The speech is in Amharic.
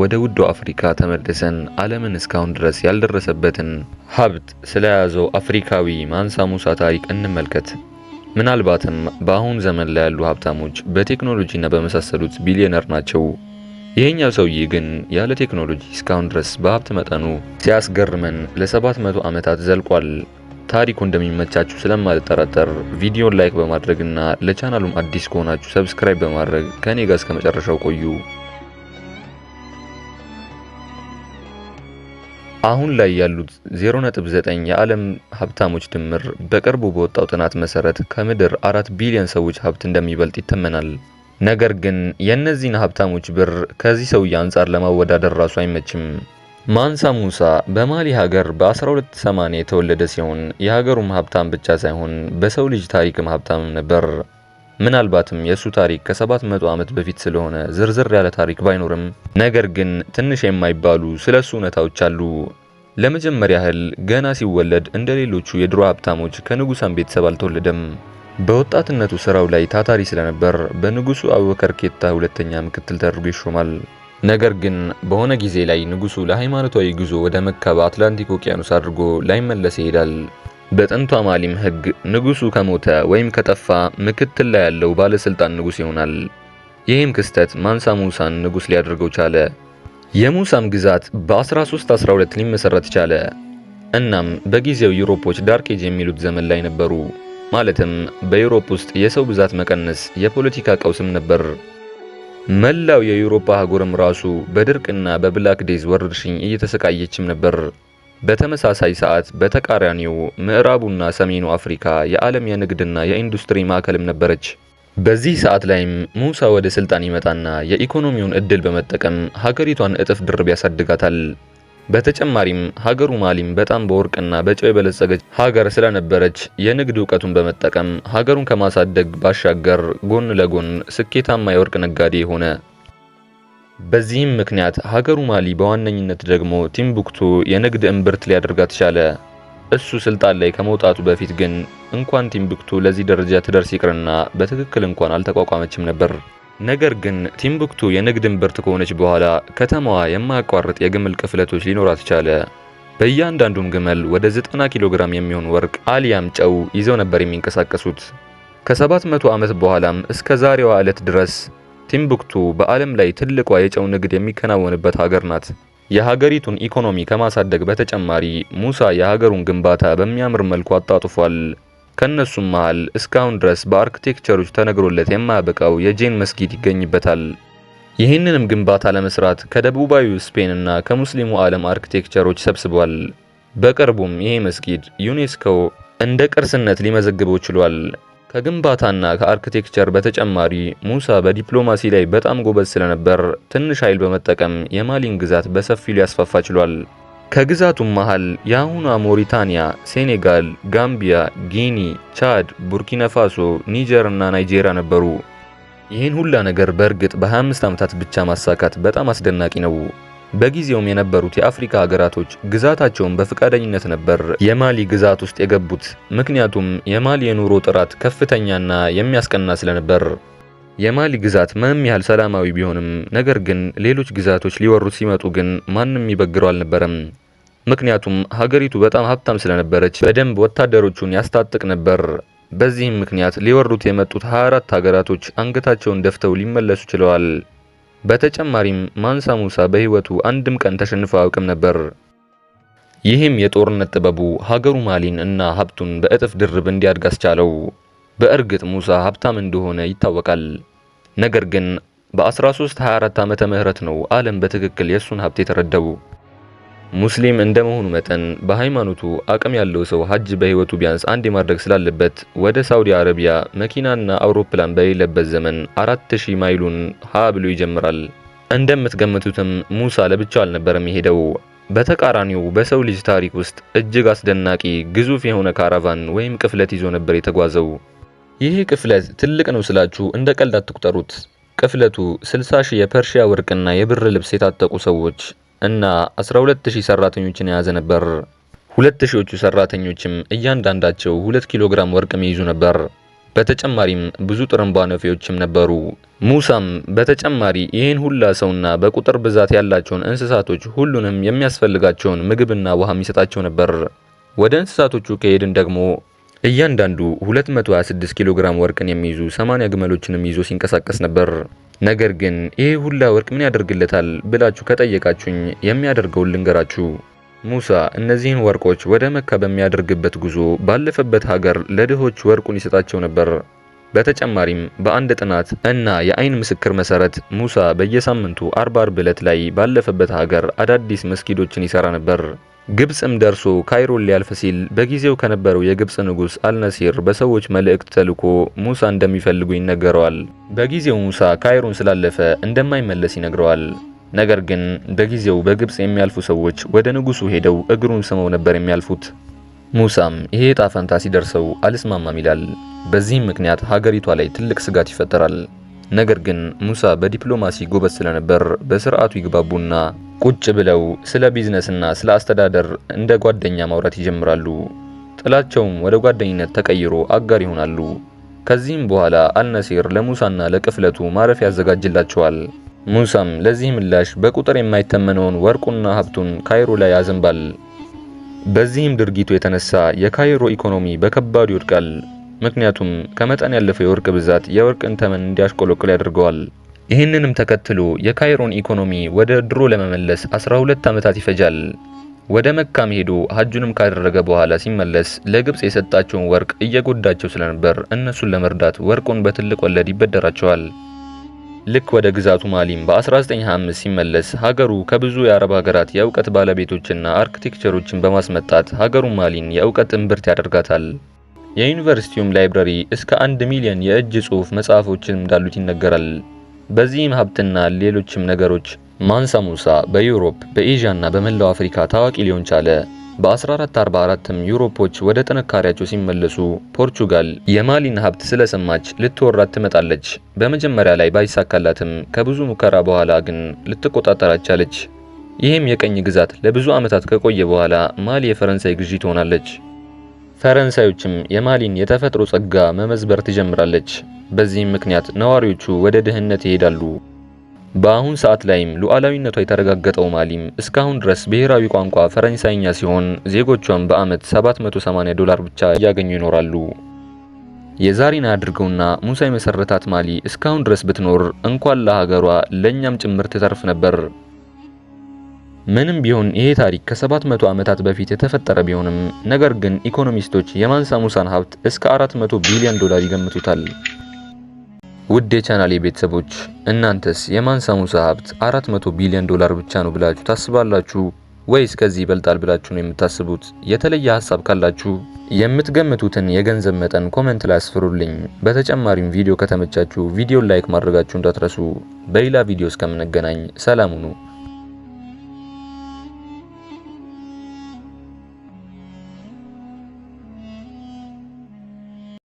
ወደ ውዶ አፍሪካ ተመልሰን ዓለምን እስካሁን ድረስ ያልደረሰበትን ሀብት ስለያዘው አፍሪካዊ ማንሳ ሙሳ ታሪክ እንመልከት። ምናልባትም በአሁን ዘመን ላይ ያሉ ሀብታሞች በቴክኖሎጂና በመሳሰሉት ቢሊዮነር ናቸው። ይሄኛው ሰውዬ ግን ያለ ቴክኖሎጂ እስካሁን ድረስ በሀብት መጠኑ ሲያስገርመን ለሰባት መቶ ዓመታት ዘልቋል። ታሪኩ እንደሚመቻችሁ ስለማልጠራጠር ቪዲዮን ላይክ በማድረግና ለቻናሉም አዲስ ከሆናችሁ ሰብስክራይብ በማድረግ ከኔ ጋር እስከ መጨረሻው ቆዩ። አሁን ላይ ያሉት 0.9 የዓለም ሀብታሞች ድምር በቅርቡ በወጣው ጥናት መሰረት ከምድር አራት ቢሊዮን ሰዎች ሀብት እንደሚበልጥ ይተመናል። ነገር ግን የእነዚህን ሀብታሞች ብር ከዚህ ሰውዬ አንጻር ለማወዳደር ራሱ አይመችም። ማንሳ ሙሳ በማሊ ሀገር በ1280 የተወለደ ሲሆን የሀገሩም ሀብታም ብቻ ሳይሆን በሰው ልጅ ታሪክም ሀብታም ነበር። ምናልባትም የእሱ ታሪክ ከ700 ዓመት በፊት ስለሆነ ዝርዝር ያለ ታሪክ ባይኖርም ነገር ግን ትንሽ የማይባሉ ስለ እሱ እውነታዎች አሉ። ለመጀመሪያ ያህል ገና ሲወለድ እንደ ሌሎቹ የድሮ ሀብታሞች ከንጉሳን ቤተሰብ አልተወለደም። በወጣትነቱ ስራው ላይ ታታሪ ስለነበር በንጉሱ አቡበከር ኬታ ሁለተኛ ምክትል ተደርጎ ይሾማል። ነገር ግን በሆነ ጊዜ ላይ ንጉሱ ለሃይማኖታዊ ጉዞ ወደ መካ በአትላንቲክ ውቅያኖስ አድርጎ ላይመለስ ይሄዳል። በጥንቷ ማሊም ህግ ንጉሱ ከሞተ ወይም ከጠፋ ምክትል ላይ ያለው ባለስልጣን ንጉስ ይሆናል። ይህም ክስተት ማንሳ ሙሳን ንጉስ ሊያደርገው ቻለ። የሙሳም ግዛት በ1312 ሊመሰረት ቻለ። እናም በጊዜው ዩሮፖች ዳርክ ኤጅ የሚሉት ዘመን ላይ ነበሩ። ማለትም በዩሮፕ ውስጥ የሰው ብዛት መቀነስ፣ የፖለቲካ ቀውስም ነበር። መላው የዩሮፓ አህጉርም ራሱ በድርቅና በብላክ ዴዝ ወረርሽኝ እየተሰቃየችም ነበር። በተመሳሳይ ሰዓት በተቃራኒው ምዕራቡና ሰሜኑ አፍሪካ የዓለም የንግድና የኢንዱስትሪ ማዕከልም ነበረች። በዚህ ሰዓት ላይም ሙሳ ወደ ስልጣን ይመጣና የኢኮኖሚውን እድል በመጠቀም ሀገሪቷን እጥፍ ድርብ ያሳድጋታል። በተጨማሪም ሀገሩ ማሊም በጣም በወርቅና በጨው የበለጸገች ሀገር ስለነበረች የንግድ እውቀቱን በመጠቀም ሀገሩን ከማሳደግ ባሻገር ጎን ለጎን ስኬታማ የወርቅ ነጋዴ ሆነ። በዚህም ምክንያት ሀገሩ ማሊ በዋነኝነት ደግሞ ቲምቡክቱ የንግድ እምብርት ሊያደርጋት ቻለ። እሱ ስልጣን ላይ ከመውጣቱ በፊት ግን እንኳን ቲምቡክቱ ለዚህ ደረጃ ትደርስ ይቅርና በትክክል እንኳን አልተቋቋመችም ነበር። ነገር ግን ቲምቡክቱ የንግድ እምብርት ከሆነች በኋላ ከተማዋ የማያቋርጥ የግመል ቅፍለቶች ሊኖራት ቻለ። በእያንዳንዱም ግመል ወደ 90 ኪሎ ግራም የሚሆን ወርቅ አሊያም ጨው ይዘው ነበር የሚንቀሳቀሱት። ከ700 ዓመት በኋላም እስከ ዛሬዋ ዕለት ድረስ ቲምቡክቱ በዓለም ላይ ትልቋ የጨው ንግድ የሚከናወንበት ሀገር ናት። የሀገሪቱን ኢኮኖሚ ከማሳደግ በተጨማሪ ሙሳ የሀገሩን ግንባታ በሚያምር መልኩ አጣጥፏል። ከነሱም መሃል እስካሁን ድረስ በአርክቴክቸሮች ተነግሮለት የማያበቃው የጄን መስጊድ ይገኝበታል። ይህንንም ግንባታ ለመስራት ከደቡባዊ ስፔን እና ከሙስሊሙ ዓለም አርክቴክቸሮች ሰብስቧል። በቅርቡም ይሄ መስጊድ ዩኔስኮ እንደ ቅርስነት ሊመዘግበው ችሏል። ከግንባታና ከአርክቴክቸር በተጨማሪ ሙሳ በዲፕሎማሲ ላይ በጣም ጎበዝ ስለነበር ትንሽ ኃይል በመጠቀም የማሊን ግዛት በሰፊው ሊያስፋፋ ችሏል። ከግዛቱም መሃል የአሁኗ ሞሪታንያ፣ ሴኔጋል፣ ጋምቢያ፣ ጊኒ፣ ቻድ፣ ቡርኪና ፋሶ፣ ኒጀር እና ናይጄሪያ ነበሩ። ይህን ሁላ ነገር በእርግጥ በ25 ዓመታት ብቻ ማሳካት በጣም አስደናቂ ነው። በጊዜውም የነበሩት የአፍሪካ ሀገራቶች ግዛታቸውን በፈቃደኝነት ነበር የማሊ ግዛት ውስጥ የገቡት። ምክንያቱም የማሊ የኑሮ ጥራት ከፍተኛና የሚያስቀና ስለነበር። የማሊ ግዛት ምንም ያህል ሰላማዊ ቢሆንም ነገር ግን ሌሎች ግዛቶች ሊወሩት ሲመጡ ግን ማንም ይበግረው አልነበረም። ምክንያቱም ሀገሪቱ በጣም ሀብታም ስለነበረች በደንብ ወታደሮቹን ያስታጥቅ ነበር። በዚህም ምክንያት ሊወሩት የመጡት 24 ሀገራቶች አንገታቸውን ደፍተው ሊመለሱ ችለዋል። በተጨማሪም ማንሳ ሙሳ በህይወቱ አንድም ቀን ተሸንፎ አያውቅም ነበር። ይህም የጦርነት ጥበቡ ሀገሩ ማሊን እና ሀብቱን በእጥፍ ድርብ እንዲያድግ አስቻለው። በእርግጥ ሙሳ ሀብታም እንደሆነ ይታወቃል። ነገር ግን በ1324 ዓመተ ምህረት ነው ዓለም በትክክል የእሱን ሀብት የተረዳው። ሙስሊም እንደመሆኑ መጠን በሃይማኖቱ አቅም ያለው ሰው ሀጅ በህይወቱ ቢያንስ አንድ ማድረግ ስላለበት ወደ ሳውዲ አረቢያ መኪናና አውሮፕላን በሌለበት ዘመን አራት ሺህ ማይሉን ሀ ብሎ ይጀምራል። እንደምትገምቱትም ሙሳ ለብቻው አልነበረም የሄደው። በተቃራኒው በሰው ልጅ ታሪክ ውስጥ እጅግ አስደናቂ ግዙፍ የሆነ ካራቫን ወይም ቅፍለት ይዞ ነበር የተጓዘው። ይህ ቅፍለት ትልቅ ነው ስላችሁ እንደ ቀልድ አትቁጠሩት። ቅፍለቱ 60 ሺህ የፐርሺያ ወርቅና የብር ልብስ የታጠቁ ሰዎች እና 12000 ሰራተኞችን የያዘ ነበር። ሁለት ሺዎቹ ሰራተኞችም እያንዳንዳቸው 2 ኪሎ ግራም ወርቅ የሚይዙ ነበር። በተጨማሪም ብዙ ጥርንባ ነፊዎችም ነበሩ። ሙሳም በተጨማሪ ይህን ሁላ ሰውና በቁጥር ብዛት ያላቸውን እንስሳቶች ሁሉንም የሚያስፈልጋቸውን ምግብና ውሃ የሚሰጣቸው ነበር። ወደ እንስሳቶቹ ከሄድን ደግሞ እያንዳንዱ 226 ኪሎ ግራም ወርቅን የሚይዙ 80 ግመሎችንም ይዞ ሲንቀሳቀስ ነበር። ነገር ግን ይሄ ሁላ ወርቅ ምን ያደርግለታል ብላችሁ ከጠየቃችሁኝ የሚያደርገውን ልንገራችሁ። ሙሳ እነዚህን ወርቆች ወደ መካ በሚያደርግበት ጉዞ ባለፈበት ሀገር ለድሆች ወርቁን ይሰጣቸው ነበር። በተጨማሪም በአንድ ጥናት እና የአይን ምስክር መሰረት ሙሳ በየሳምንቱ አርብ አርብ ዕለት ላይ ባለፈበት ሀገር አዳዲስ መስጊዶችን ይሰራ ነበር። ግብጽም ደርሶ ካይሮን ሊያልፍ ሲል በጊዜው ከነበረው የግብጽ ንጉሥ አልነሲር በሰዎች መልእክት ተልኮ ሙሳ እንደሚፈልጉ ይነገረዋል። በጊዜው ሙሳ ካይሮን ስላለፈ እንደማይመለስ ይነግረዋል። ነገር ግን በጊዜው በግብጽ የሚያልፉ ሰዎች ወደ ንጉሱ ሄደው እግሩን ስመው ነበር የሚያልፉት። ሙሳም ይሄ እጣ ፈንታ ሲደርሰው አልስማማም ይላል። በዚህም ምክንያት ሀገሪቷ ላይ ትልቅ ስጋት ይፈጠራል። ነገር ግን ሙሳ በዲፕሎማሲ ጎበዝ ስለነበር በስርዓቱ ይግባቡና ቁጭ ብለው ስለ ቢዝነስና ስለ አስተዳደር እንደ ጓደኛ ማውራት ይጀምራሉ። ጥላቸውም ወደ ጓደኝነት ተቀይሮ አጋር ይሆናሉ። ከዚህም በኋላ አልነሴር ለሙሳና ለቅፍለቱ ማረፍ ያዘጋጅላቸዋል። ሙሳም ለዚህ ምላሽ በቁጥር የማይተመነውን ወርቁና ሀብቱን ካይሮ ላይ ያዘንባል። በዚህም ድርጊቱ የተነሳ የካይሮ ኢኮኖሚ በከባዱ ይወድቃል። ምክንያቱም ከመጠን ያለፈው የወርቅ ብዛት የወርቅን ተመን እንዲያሽቆለቁል ያደርገዋል። ይህንንም ተከትሎ የካይሮን ኢኮኖሚ ወደ ድሮ ለመመለስ 12 ዓመታት ይፈጃል። ወደ መካ መሄዱ ሀጁንም ካደረገ በኋላ ሲመለስ ለግብጽ የሰጣቸውን ወርቅ እየጎዳቸው ስለነበር እነሱን ለመርዳት ወርቁን በትልቅ ወለድ ይበደራቸዋል። ልክ ወደ ግዛቱ ማሊም በ1925 ሲመለስ ሀገሩ ከብዙ የአረብ ሀገራት የእውቀት ባለቤቶችና አርክቴክቸሮችን በማስመጣት ሀገሩ ማሊን የእውቀት እምብርት ያደርጋታል። የዩኒቨርሲቲውም ላይብራሪ እስከ አንድ ሚሊዮን የእጅ ጽሑፍ መጽሐፎችን እንዳሉት ይነገራል። በዚህም ሀብትና ሌሎችም ነገሮች ማንሳሙሳ በዩሮፕ በኤዥያና በመላው አፍሪካ ታዋቂ ሊሆን ቻለ። በ1444ም ዩሮፖች ወደ ጥንካሬያቸው ሲመለሱ ፖርቹጋል የማሊን ሀብት ስለሰማች ልትወራት ትመጣለች። በመጀመሪያ ላይ ባይሳካላትም ከብዙ ሙከራ በኋላ ግን ልትቆጣጠራት ቻለች። ይህም የቀኝ ግዛት ለብዙ ዓመታት ከቆየ በኋላ ማሊ የፈረንሳይ ግዢ ትሆናለች። ፈረንሳዮችም የማሊን የተፈጥሮ ጸጋ መመዝበር ትጀምራለች። በዚህም ምክንያት ነዋሪዎቹ ወደ ድህነት ይሄዳሉ። በአሁን ሰዓት ላይም ሉዓላዊነቷ የተረጋገጠው ማሊም እስካሁን ድረስ ብሔራዊ ቋንቋ ፈረንሳይኛ ሲሆን ዜጎቿም በዓመት 780 ዶላር ብቻ እያገኙ ይኖራሉ። የዛሬን አድርገውና ሙሳ የመሰረታት ማሊ እስካሁን ድረስ ብትኖር እንኳን ለሀገሯ ለእኛም ጭምር ትተርፍ ነበር። ምንም ቢሆን ይሄ ታሪክ ከ700 ዓመታት በፊት የተፈጠረ ቢሆንም ነገር ግን ኢኮኖሚስቶች የማንሳ ሙሳን ሀብት እስከ 400 ቢሊዮን ዶላር ይገምቱታል። ውድ የቻናሌ ቤተሰቦች እናንተስ የማንሳ ሙሳ ሀብት 400 ቢሊዮን ዶላር ብቻ ነው ብላችሁ ታስባላችሁ ወይስ ከዚህ ይበልጣል ብላችሁ ነው የምታስቡት? የተለየ ሀሳብ ካላችሁ የምትገምቱትን የገንዘብ መጠን ኮመንት ላይ አስፍሩልኝ። በተጨማሪም ቪዲዮ ከተመቻችሁ ቪዲዮ ላይክ ማድረጋችሁ እንዳትረሱ። በሌላ ቪዲዮ እስከምንገናኝ ሰላም ሁኑ።